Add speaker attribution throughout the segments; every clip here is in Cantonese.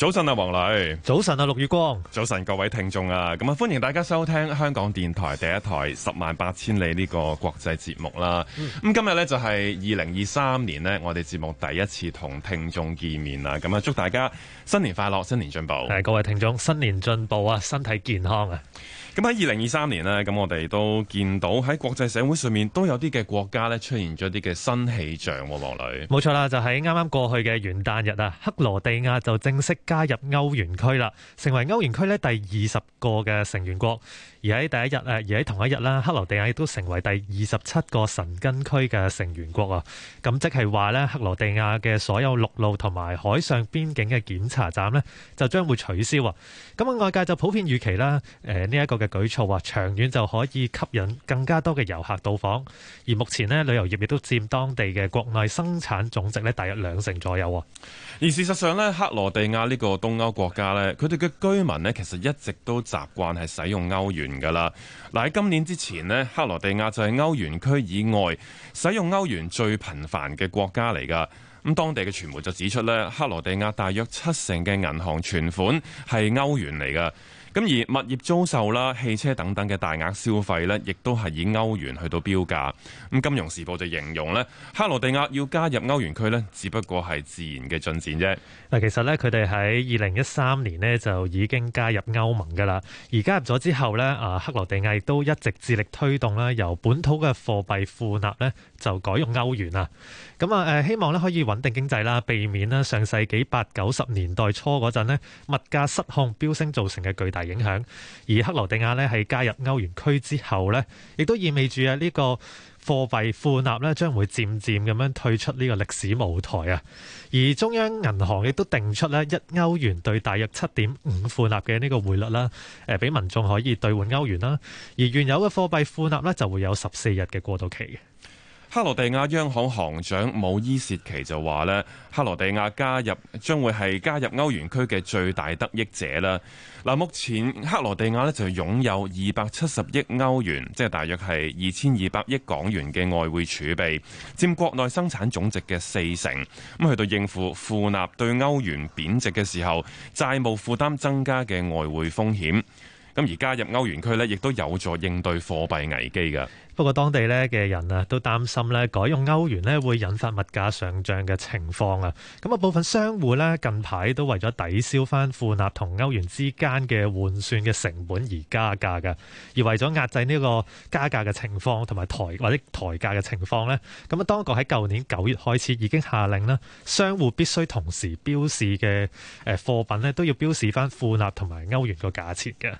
Speaker 1: 早晨啊，黃磊。早晨啊，陸月光！早晨，各位聽眾啊，咁啊歡迎大家收聽香港電台第一台十萬八千里呢個國際節目啦。咁、嗯、今日呢，就係二零二三年呢，我哋節目第一次同聽眾見面啦。咁啊，祝大家新年快樂，新年進步。係各位聽眾，新年進步啊，身體健康啊！咁喺二零二三年呢，咁我哋都見到喺國際社會上面都有啲嘅國家呢，出現咗啲嘅新氣象，啊，王女。
Speaker 2: 冇錯啦，就喺啱啱過去嘅元旦日啊，克羅地亞就正式加入歐元區啦，成為歐元區呢第二十個嘅成員國。而喺第一日誒，而喺同一日啦，克羅地亞亦都成為第二十七個神根區嘅成員國啊。咁即係話呢，克羅地亞嘅所有陸路同埋海上邊境嘅檢查站呢，就將會取消啊。咁啊，外界就普遍預期啦，誒呢一個。嘅舉措，話長遠就可以吸引更加多嘅遊客到訪。而目前呢，旅遊業亦都佔當地嘅國內生產總值呢大
Speaker 1: 約兩成左右。而事實上呢，克羅地亞呢個東歐國家呢，佢哋嘅居民呢，其實一直都習慣係使用歐元㗎喇。嗱喺今年之前呢，克羅地亞就係歐元區以外使用歐元最頻繁嘅國家嚟㗎。咁當地嘅傳媒就指出呢，克羅地亞大約七成嘅銀行存款係歐元嚟㗎。咁而物業租售啦、汽車等等嘅大額消費咧，亦都係以歐元去到標價，咁金融時報就形容咧，克羅地亞要加入歐元區咧，只不過係自然嘅進展啫。嗱，其實咧，佢哋喺二零一三年咧就已
Speaker 2: 經加入歐盟噶啦。而加入咗之後咧，啊，克羅地亞亦都一直致力推動咧，由本土嘅貨幣庫納咧就改用歐元啊。咁啊，誒希望咧可以穩定經濟啦，避免啦上世紀八九十年代初嗰陣咧物價失控飆升造成嘅巨大。影響，而克羅地亞咧係加入歐元區之後，咧，亦都意味住啊呢個貨幣庫納咧將會漸漸咁樣退出呢個歷史舞台啊！而中央銀行亦都定出咧一歐元兌大約七點五庫納嘅呢個匯率啦，誒，俾民眾可以兌換歐元啦，而原有嘅貨幣庫納咧就會有十四日嘅過渡期。
Speaker 1: 克羅地亞央行行長武伊什奇就話咧，克羅地亞加入將會係加入歐元區嘅最大得益者啦。嗱，目前克羅地亞咧就擁有二百七十億歐元，即係大約係二千二百億港元嘅外匯儲備，佔國內生產總值嘅四成。咁去到應付負納對歐元貶值嘅時候，債務負擔增加嘅外匯風險。咁而加入歐元區咧，亦都有助應對貨幣危機嘅。
Speaker 2: 不過當地咧嘅人啊，都擔心咧改用歐元咧會引發物價上漲嘅情況啊。咁啊，部分商戶咧近排都為咗抵消翻庫納同歐元之間嘅換算嘅成本而加價嘅，而為咗壓制呢個加價嘅情況，同埋抬或者抬價嘅情況咧，咁啊，當局喺舊年九月開始已經下令啦，商戶必須同時標示嘅誒貨品咧都要標示翻庫納同埋歐元個價錢嘅。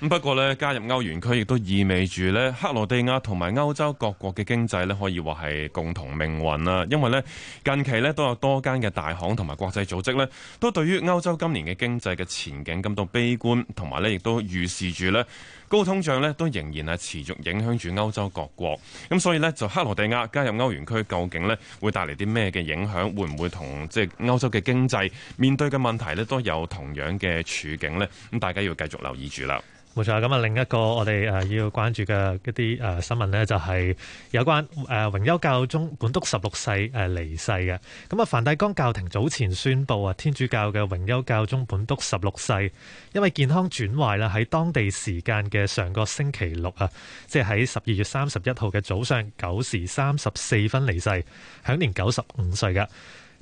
Speaker 1: 咁不過咧，加入歐元區亦都意味住呢克羅地亞同埋歐洲各國嘅經濟咧，可以話係共同命運啦。因為咧，近期咧都有多間嘅大行同埋國際組織咧，都對於歐洲今年嘅經濟嘅前景感到悲觀，同埋咧亦都預示住咧高通脹咧都仍然係持續影響住歐洲各國。咁所以呢就克羅地亞加入歐元區，究竟咧會帶嚟啲咩嘅影響？會唔會同即係歐洲嘅經濟面對嘅問題咧都有同樣嘅處境呢？咁大家要繼續留意住啦。
Speaker 2: 冇錯，咁啊，另一個我哋誒要關注嘅一啲誒新聞呢，就係有關誒榮休教宗本篤十六世誒離世嘅。咁啊，梵蒂岡教廷早前宣布啊，天主教嘅榮休教宗本篤十六世因為健康轉壞啦，喺當地時間嘅上個星期六啊，即係喺十二月三十一號嘅早上九時三十四分離世，享年九十五歲㗎。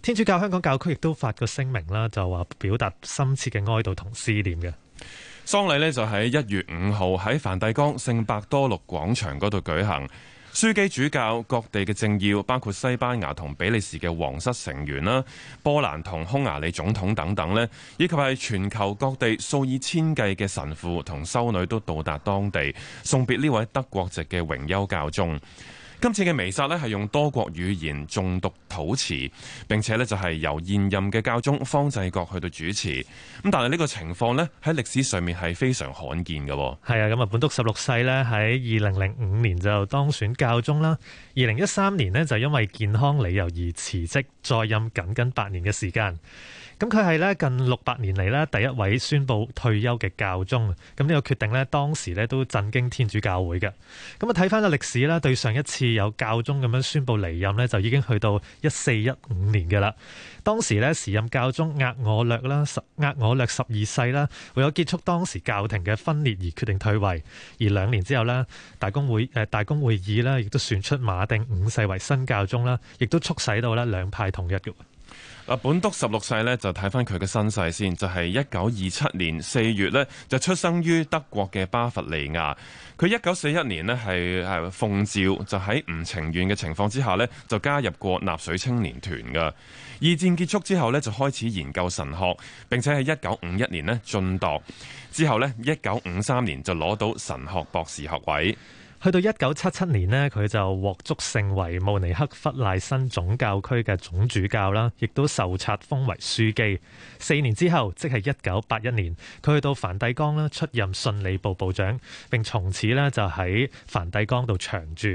Speaker 2: 天主教香港教區亦都發個聲明啦，就話表達深切嘅哀悼同思念嘅。
Speaker 1: 喪禮呢就喺一月五號喺梵蒂岡聖伯多祿廣場嗰度舉行，樞機主教、各地嘅政要，包括西班牙同比利時嘅皇室成員啦、波蘭同匈牙利總統等等呢，以及係全球各地數以千計嘅神父同修女都到達當地送別呢位德國籍嘅榮休教宗。今次嘅彌撒咧，係用多國語言誦讀禱詞，並且咧就係由現任嘅教宗方濟各去到主持。咁但係呢個情況咧，喺歷史上面係非常罕見嘅。係啊，咁啊，本篤十六世呢，喺二零零五年就
Speaker 2: 當選教宗啦，二零一三年呢，就因為健康理由而辭職。在任僅僅八年嘅時間，咁佢係咧近六百年嚟咧第一位宣布退休嘅教宗。咁、這、呢個決定咧，當時咧都震驚天主教會嘅。咁啊，睇翻個歷史咧，對上一次有教宗咁樣宣布離任咧，就已經去到一四一五年嘅啦。當時咧，時任教宗額我略啦，額我略十二世啦，為咗結束當時教廷嘅分裂而決定退位。而兩年之後咧，大公會誒大公會議咧，亦都選出馬定五世為新教宗啦，亦都促使到咧兩派。同
Speaker 1: 一本篤十六世呢，就睇翻佢嘅身世先，就係一九二七年四月呢，就出生於德國嘅巴伐利亞。佢一九四一年呢，係係奉召，就喺唔情願嘅情況之下呢，就加入過納粹青年團嘅。二戰結束之後呢，就開始研究神學，並且喺一九五一年呢晉鐸之後呢，一九五三年就攞到神學博士學位。去到一九七七
Speaker 2: 年呢，佢就獲祝聖為慕尼黑弗賴辛總教區嘅總主教啦，亦都受冊封為樞機。四年之後，即係一九八一年，佢去到梵蒂岡啦，出任信理部部長，並從此呢就喺梵蒂岡度長住。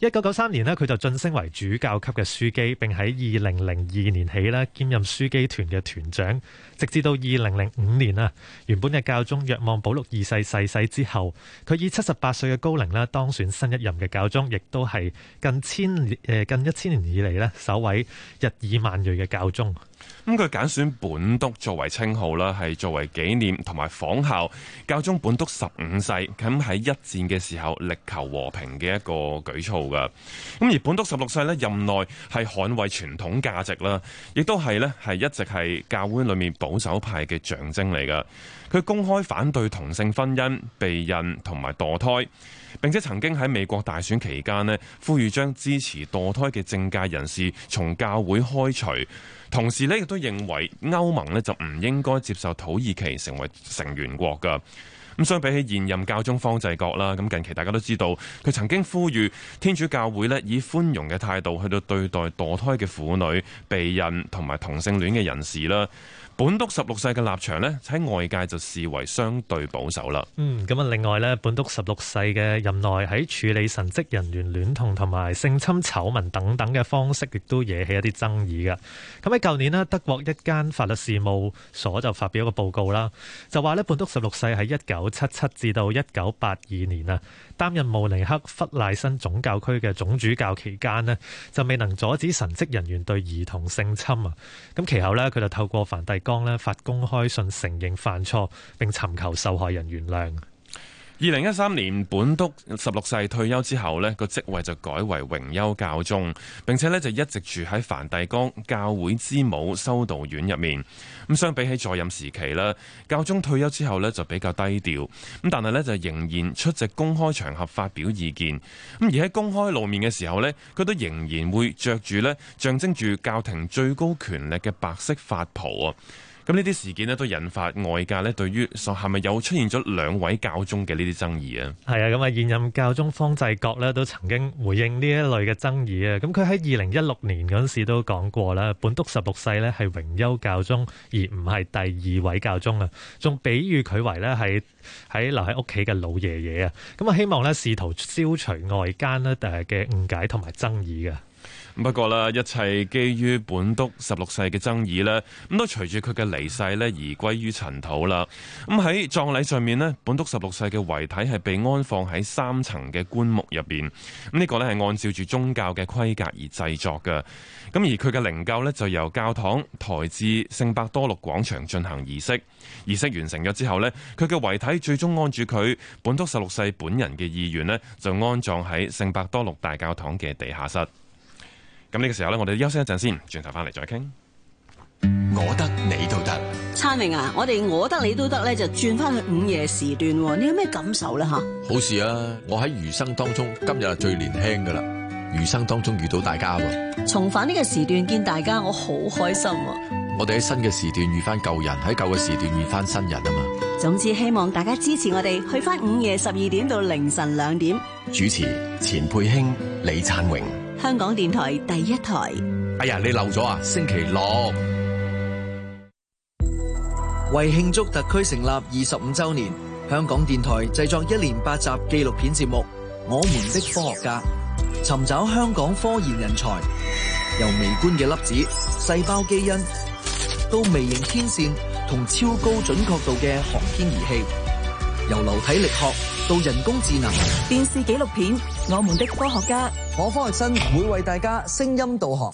Speaker 2: 一九九三年呢，佢就晉升為主教級嘅樞機，並喺二零零二年起咧兼任樞機團嘅團長。直至到二零零五年啊，原本嘅教宗若望保禄二世逝世之後，佢以七十八歲嘅高齡咧當選新一任嘅
Speaker 1: 教宗，亦都係
Speaker 2: 近千誒近一千年以嚟咧首位日耳曼
Speaker 1: 裔嘅教宗。咁佢揀選本篤作為稱號啦，係作為紀念同埋仿效教宗本篤十五世咁喺一戰嘅時候力求和平嘅一個舉措噶。咁而本篤十六世咧任內係捍衛傳統價值啦，亦都係咧係一直係教會裏面保。保守派嘅象徵嚟噶，佢公開反對同性婚姻、避孕同埋墮胎，並且曾經喺美國大選期間呢，呼籲將支持墮胎嘅政界人士從教會開除。同時呢，亦都認為歐盟呢就唔應該接受土耳其成為成員國噶。咁相比起現任教宗方濟各啦，咁近期大家都知道，佢曾經呼籲天主教會呢，以寬容嘅態度去到對待墮胎嘅婦女、避孕同埋同性戀嘅人士啦。本篤十六世嘅立場呢，喺外界就視為相對保守啦。嗯，咁啊，另外呢，本篤十六世嘅任內喺處理神
Speaker 2: 職人員戀童同埋性侵醜聞等等嘅方式，亦都惹起一啲爭議嘅。咁喺舊年呢，德國一間法律事務所就發表一個報告啦，就話呢，本篤十六世喺一九七七至到一九八二年啊，擔任慕尼黑弗賴辛總教區嘅總主教期間呢，就未能阻止神職人員對兒童性侵啊。咁其後呢，佢就透過梵蒂岡方咧發公開信承認犯錯，並尋
Speaker 1: 求受害人原諒。二零一三年，本篤十六世退休之後呢個職位就改為榮休教宗，並且呢就一直住喺梵蒂岡教會之母修道院入面。咁相比起在任時期咧，教宗退休之後呢就比較低調，咁但係呢就仍然出席公開場合發表意見。咁而喺公開露面嘅時候呢，佢都仍然會着住呢象徵住教廷最高權力嘅白色法袍啊。咁呢啲事件呢都引發外界對於，係咪有出現咗兩位教宗嘅呢啲爭議啊？
Speaker 2: 係啊，咁啊現任教宗方濟各呢都曾經回應呢一類嘅爭議啊。咁佢喺二零一六年嗰時都講過啦，本篤十六世呢係榮休教宗，而唔係第二位教宗啊。仲比喻佢為呢係喺留喺屋企嘅老爺爺啊。咁啊希望呢試圖消除外間呢誒嘅誤解同埋爭議嘅。
Speaker 1: 不過啦，一切基於本篤十六世嘅爭議咧，咁都隨住佢嘅離世咧而歸於塵土啦。咁喺葬禮上面咧，本篤十六世嘅遺體係被安放喺三層嘅棺木入邊。咁呢個咧係按照住宗教嘅規格而製作嘅。咁而佢嘅靈柩呢，就由教堂抬至聖伯多禄廣場進行儀式。儀式完成咗之後咧，佢嘅遺體最終按住佢本篤十六世本人嘅意願咧，就安葬喺聖伯多禄大教堂嘅地下室。咁呢個時候咧，我哋休息一陣先，轉頭翻嚟再傾。我得，啊、我，我得你都得，
Speaker 2: 燦榮啊！我哋我得你都得咧，就轉翻去午夜時段。你有咩感受咧？吓，好事啊！我喺餘生當中，今日係最年輕噶啦。餘生當中遇到大家，重返呢個時段見大家，我好開心，啊。我哋喺新嘅時段遇翻舊人，喺舊嘅時段遇翻新人啊嘛。總之希望大家支持我哋去翻午夜十二點到凌晨兩點。
Speaker 1: 主持：錢佩卿、李燦榮。
Speaker 2: 香港電台第一台。
Speaker 1: 哎呀，你漏咗啊！星期
Speaker 2: 六為慶祝特區成立二十五周年，香港電台製作一連八集紀錄片節目《我們的科學家》，尋找香港科研人才，由微觀嘅粒子、細胞基因，到微型天線同超高準確度嘅航天儀器，由流體力學。到人工智能電視紀錄片《我們的科學家》，我科愛生會為大家聲音導航。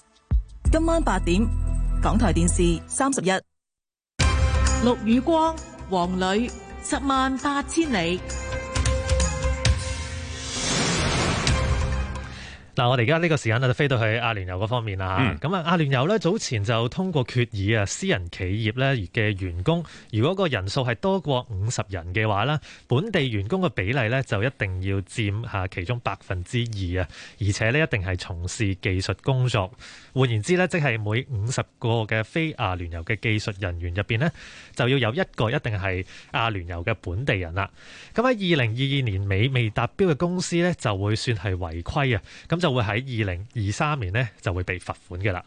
Speaker 2: 今晚八點，港台電視三十一。陸宇光、黃磊，十萬八千里。嗱，我哋而家呢個時間呢就飛到去阿聯酋嗰方面啦吓，咁啊，嗯、阿聯酋咧早前就通過決議啊，私人企業咧嘅員工，如果個人數係多過五十人嘅話咧，本地員工嘅比例咧就一定要佔嚇其中百分之二啊，而且咧一定係從事技術工作。換言之咧，即係每五十個嘅非阿聯酋嘅技術人員入邊咧，就要有一個一定係阿聯酋嘅本地人啦。咁喺二零二二年尾未達標嘅公司咧，就會算係違規啊。咁就。會喺二零二三年呢就會被罰款嘅啦。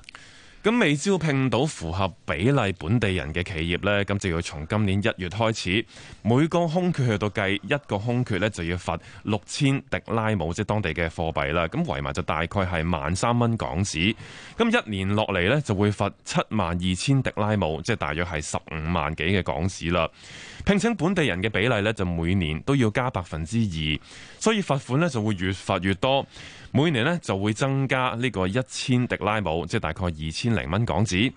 Speaker 1: 咁未招聘到符合比例本地人嘅企業呢，咁就要從今年一月開始，每個空缺去到計一個空缺呢，就要罰六千迪拉姆，即係當地嘅貨幣啦。咁圍埋就大概係萬三蚊港紙。咁一年落嚟呢，就會罰七萬二千迪拉姆，即係大約係十五萬幾嘅港紙啦。聘請本地人嘅比例咧，就每年都要加百分之二，所以罰款咧就會越罰越多，每年呢就會增加呢個一千迪拉姆，即係大概二千零蚊港紙。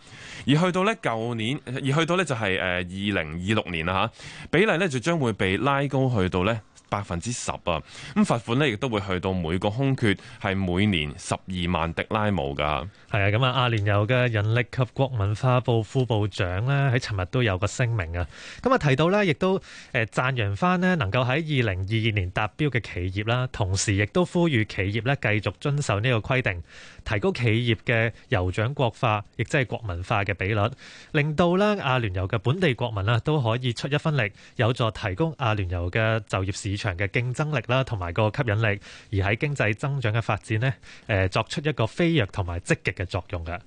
Speaker 1: 而去到呢舊年，而去到呢就係，誒二零二六年啦吓，比例呢，就將會被拉高去到呢百分之十啊，咁罰款呢亦都會去到每個空缺係每年十二萬迪拉姆噶。係啊，咁啊，阿聯酋嘅引力及
Speaker 2: 國文化部副部長咧，喺尋日都有個聲明啊。咁啊，提到咧，亦都誒贊揚翻呢，能夠喺二零二二年達標嘅企業啦，同時亦都呼籲企業咧繼續遵守呢個規定，提高企業嘅酋長國化，亦即係國民化嘅比率，令到咧阿聯酋嘅本地國民啊都可以出一分力，有助提供阿聯酋嘅就業市場嘅競爭力啦，同埋個吸引力，而喺經濟
Speaker 1: 增長嘅發展呢，誒作出一個飛躍同埋積極嘅作用嘅。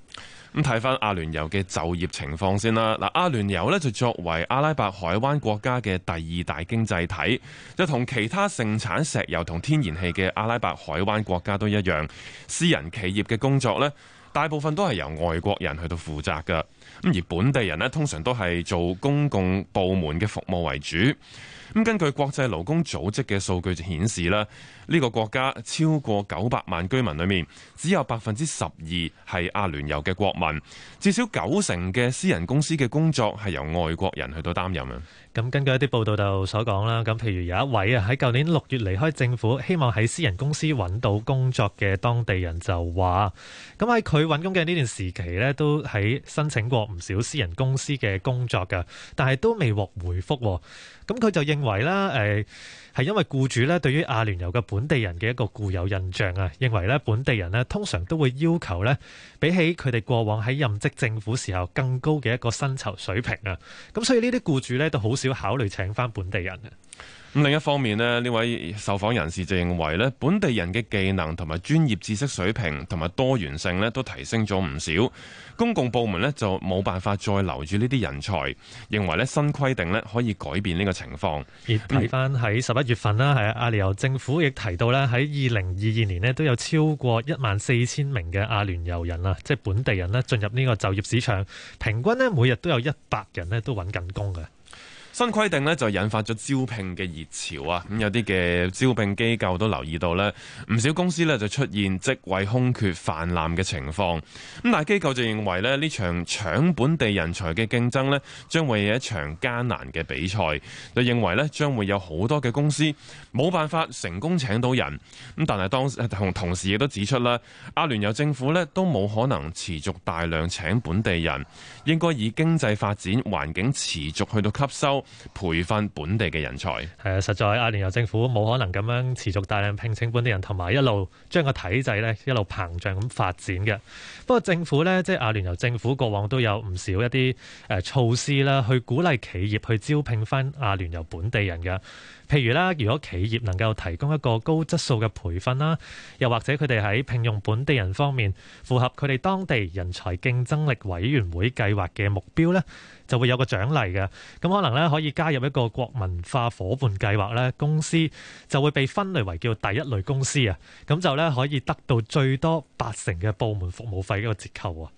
Speaker 1: 咁睇翻阿聯酋嘅就業情況先啦。嗱，阿聯酋呢，就作為阿拉伯海灣國家嘅第二大經濟體，就同其他盛產石油同天然氣嘅阿拉伯海灣國家都一樣，私人企業嘅工作呢。大部分都係由外國人去到負責噶，咁而本地人通常都係做公共部門嘅服務為主。咁根據國際勞工組織嘅數據顯示咧，呢個國家超過九百萬居民裏面，只有百分之十二係阿聯酋嘅國民，至少九成嘅私人公司嘅工作係由外國人去到擔任啊。咁根據一啲報道就所講
Speaker 2: 啦，咁譬如有一位啊喺舊年六月離開政府，希望喺私人公司揾到工作嘅當地人就話：咁喺佢揾工嘅呢段時期呢，都喺申請過唔少私人公司嘅工作㗎，但係都未獲回覆。咁佢就認為啦，係、欸、因為僱主呢對於阿聯酋嘅本地人嘅一個固有印象啊，認為呢本地人呢通常都會要求呢，比起佢哋過往喺任職政府時候更高嘅一個薪酬水平啊。咁所以呢啲僱主呢都好少。要考慮請翻本地人。
Speaker 1: 另一方面咧，呢位受訪人士就認為本地人嘅技能同埋專業知識水平同埋多元性都提升咗唔少。公共部門就冇辦法再留住呢啲人才，認為新規定可以改變呢個情況。而睇翻喺十一月份啦，係阿聯酋政府亦提到咧，喺二零二二
Speaker 2: 年都有超過一萬四千名嘅阿聯酋人啦，即係本地人進入呢個就業市場，平均每日都有一百人都揾緊工嘅。
Speaker 1: 新規定呢就引發咗招聘嘅熱潮啊！咁有啲嘅招聘機構都留意到呢唔少公司呢就出現職位空缺泛濫嘅情況。咁但係機構就認為呢呢場搶本地人才嘅競爭呢將會係一場艱難嘅比賽。就認為呢將會有好多嘅公司冇辦法成功請到人。咁但係當同同時亦都指出啦，阿聯酋政府呢都冇可能持續大量請本地人，應該以經濟發展環境持續去到吸收。培訓本地嘅人才，係啊！實在阿聯酋政府冇可能咁樣持續大量聘請本地人，同埋一路
Speaker 2: 將個體制呢一路膨脹咁發展嘅。不過政府呢，即係阿聯酋政府過往都有唔少一啲誒措施啦，去鼓勵企業去招聘翻阿聯酋本地人嘅。譬如啦，如果企業能夠提供一個高質素嘅培訓啦，又或者佢哋喺聘用本地人方面符合佢哋當地人才競爭力委員會計劃嘅目標呢，就會有個獎勵嘅。咁可能咧可以加入一個國民化伙伴計劃咧，公司就會被分類為叫第一類公司啊，咁就咧可以得到最多八成嘅部門服務費一個折扣啊。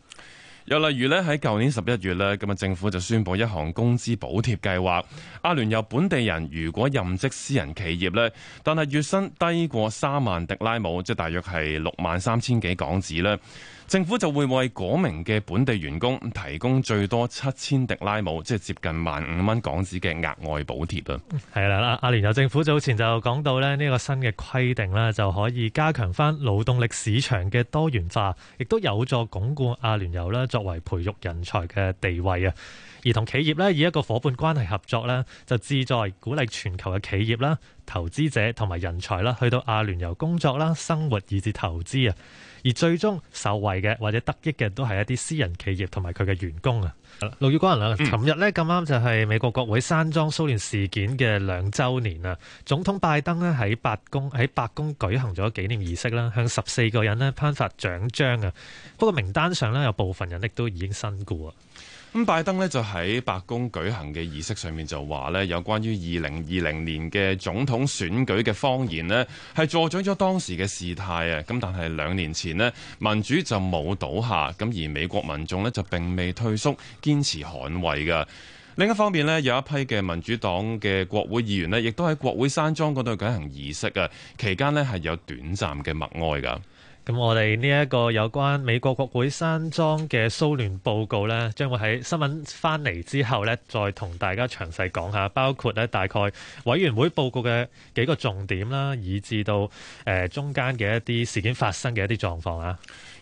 Speaker 1: 又例如呢喺舊年十一月呢，咁啊政府就宣布一項工資補貼計劃。阿聯酋本地人如果任職私人企業呢，但係月薪低過三萬迪拉姆，即係大約係六萬三千幾港紙呢，政府就會為嗰名嘅本地員工提供最多七千迪拉姆，即係接近萬五蚊港紙嘅額外補貼啊。
Speaker 2: 係啦，阿阿聯酋政府早前就講到呢，呢個新嘅規定呢就可以加強翻勞動力市場嘅多元化，亦都有助鞏固阿聯酋啦。作為培育人才嘅地位啊！而同企業咧以一個伙伴關係合作咧，就志在鼓勵全球嘅企業啦、投資者同埋人才啦，去到阿聯酋工作啦、生活以至投資啊。而最終受惠嘅或者得益嘅都係一啲私人企業同埋佢嘅員工啊。陸宇光啊，琴日咧咁啱就係美國國會山莊騷亂事件嘅兩週年啊。總統拜登咧喺白宮喺白宮舉行咗紀念儀式啦，向十四個人咧頒發獎章啊。不過，名單上咧有部分人亦都已經身故啊。
Speaker 1: 咁拜登呢就喺白宮舉行嘅儀式上面就話呢有關於二零二零年嘅總統選舉嘅謊言呢係助長咗當時嘅事態啊！咁但係兩年前呢民主就冇倒下，咁而美國民眾呢就並未退縮，堅持捍衛嘅。另一方面呢有一批嘅民主黨嘅國會議員呢亦都喺國會山莊嗰度舉行儀式啊，期間呢係有短暫嘅默哀噶。咁我哋呢一個有關美國國會山莊嘅蘇聯報
Speaker 2: 告呢，將會喺新聞翻嚟之後呢，再同大家詳細講下，包括咧大概委員會報告嘅幾個重點啦，以至到誒中間嘅一啲
Speaker 1: 事件發生嘅一啲狀況啊。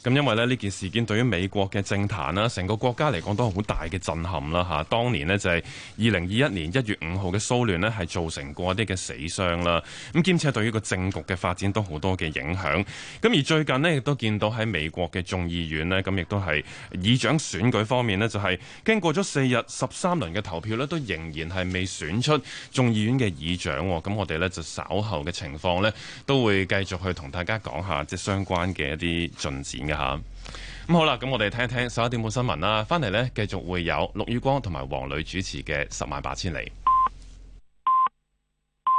Speaker 1: 咁因為咧呢件事件對於美國嘅政壇啦，成個國家嚟講都好大嘅震撼啦吓。當年咧就係二零二一年一月五號嘅騷亂咧，係造成過一啲嘅死傷啦。咁兼且對於個政局嘅發展都好多嘅影響，咁而最近咧亦都見到喺美國嘅眾議院咧，咁亦都係議長選舉方面咧，就係經過咗四日十三輪嘅投票咧，都仍然係未選出眾議院嘅議長，咁我哋咧就稍後嘅情況咧，都會繼續去同大家講下即相關嘅一啲進展嘅。吓咁，啊、好啦，咁我哋聽一聽十一點半新聞啦，翻嚟呢，繼續會有陸宇光同埋黃磊主持嘅十萬八千里。